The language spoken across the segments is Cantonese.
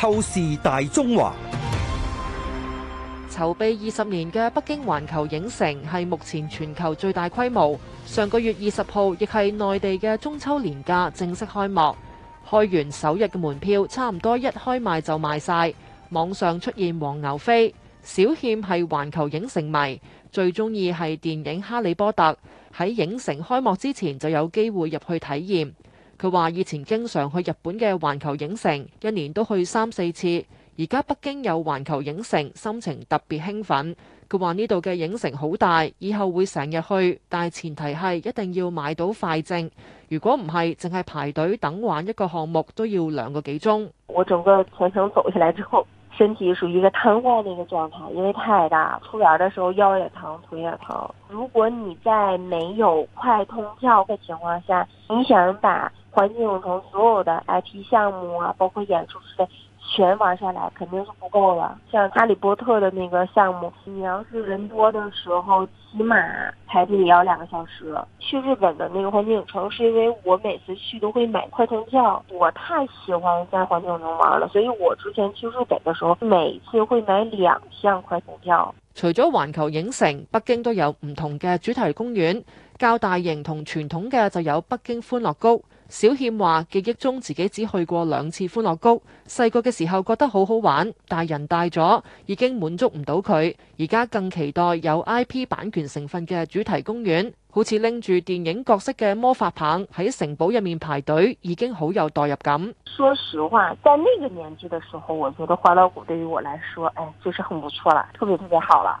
透視大中華，籌備二十年嘅北京環球影城係目前全球最大規模。上個月二十號，亦係內地嘅中秋年假正式開幕。開完首日嘅門票，差唔多一開賣就賣晒，網上出現黃牛飛。小倩係環球影城迷，最中意係電影《哈利波特》，喺影城開幕之前就有機會入去體驗。佢話以前經常去日本嘅環球影城，一年都去三四次。而家北京有環球影城，心情特別興奮。佢話呢度嘅影城好大，以後會成日去，但前提係一定要買到快證。如果唔係，淨係排隊等玩一個項目都要兩個幾鐘。我整個全程走下來之後，身體屬於一個癱瘓嘅一個狀態，因為太大，出來的時候腰也疼，腿也疼。如果你在沒有快通票嘅情況下，你想把環球影城所有的 IP 項目啊，包括演出之類，全玩下來肯定是不夠了。像《哈利波特》的那個項目，你要是人多的時候，起碼排隊也要兩個小時。去日本的那個環球影城，是因為我每次去都會買快通票，我太喜歡在環球影城玩了，所以我之前去日本的時候，每次會買兩項快通票。除咗環球影城，北京都有唔同嘅主題公園，較大型同傳統嘅就有北京歡樂谷。小倩話：記憶中自己只去過兩次歡樂谷，細個嘅時候覺得好好玩，大人大咗已經滿足唔到佢，而家更期待有 IP 版權成分嘅主題公園，好似拎住電影角色嘅魔法棒喺城堡入面排隊，已經好有代入感。說實話，在那個年紀的時候，我覺得歡樂谷對於我來說，誒、哎，就是很不錯啦，特別特別好了。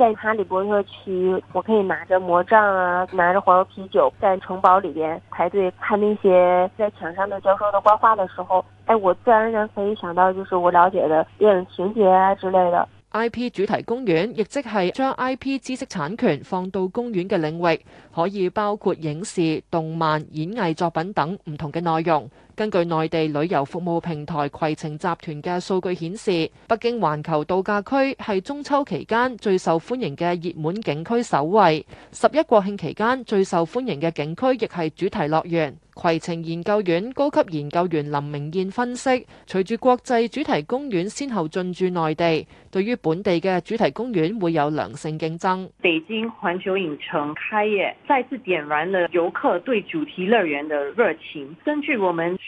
在哈利波特區，我可以拿着魔杖啊，拿着黃油啤酒，在城堡裏邊排隊看那些在牆上的教授的掛畫的時候，哎，我自然而然可以想到就是我了解的電影情節啊之類的。IP 主題公園亦即係將 IP 知識產權放到公園嘅領域，可以包括影視、動漫、演藝作品等唔同嘅內容。根據內地旅遊服務平台攜程集團嘅數據顯示，北京環球度假區係中秋期間最受歡迎嘅熱門景區首位。十一國慶期間最受歡迎嘅景區亦係主題樂園。攜程研究院高級研究員林明燕分析：隨住國際主題公園先後進駐內地，對於本地嘅主題公園會有良性競爭。北京環球影城開業，再次點燃了遊客對主題樂園嘅熱情。根據我們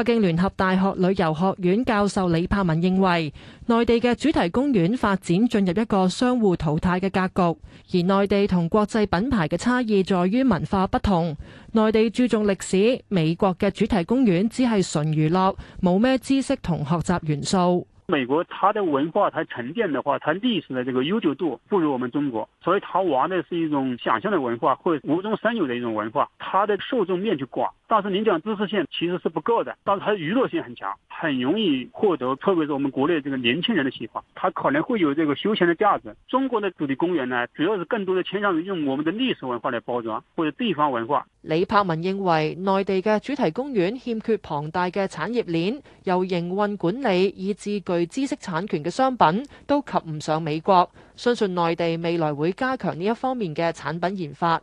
北京聯合大學旅遊學院教授李柏文認為，內地嘅主題公園發展進入一個相互淘汰嘅格局，而內地同國際品牌嘅差異在於文化不同。內地注重歷史，美國嘅主題公園只係純娛樂，冇咩知識同學習元素。美國它的文化它沉澱的話，它歷史的這個悠久度不如我們中國，所以它玩的是一種想象的文化，或無中生有的一種文化，它的受眾面就廣。但是您講知識性其實是不夠的，但是它的娛樂性很強，很容易獲得，特別是我們國內這個年輕人的喜歡，它可能會有這個休閒的價值。中國的主題公園呢，主要是更多的傾向於用我們的歷史文化來包裝或者地方文化。李柏文認為，內地嘅主題公園欠缺龐大嘅產業鏈，由營運管理以至具知識產權嘅商品都及唔上美國。相信內地未來會加強呢一方面嘅產品研發。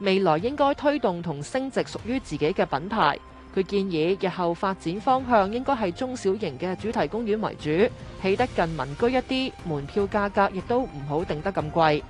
未來應該推動同升值屬於自己嘅品牌。佢建議日後發展方向應該係中小型嘅主題公園為主，起得近民居一啲，門票價格亦都唔好定得咁貴。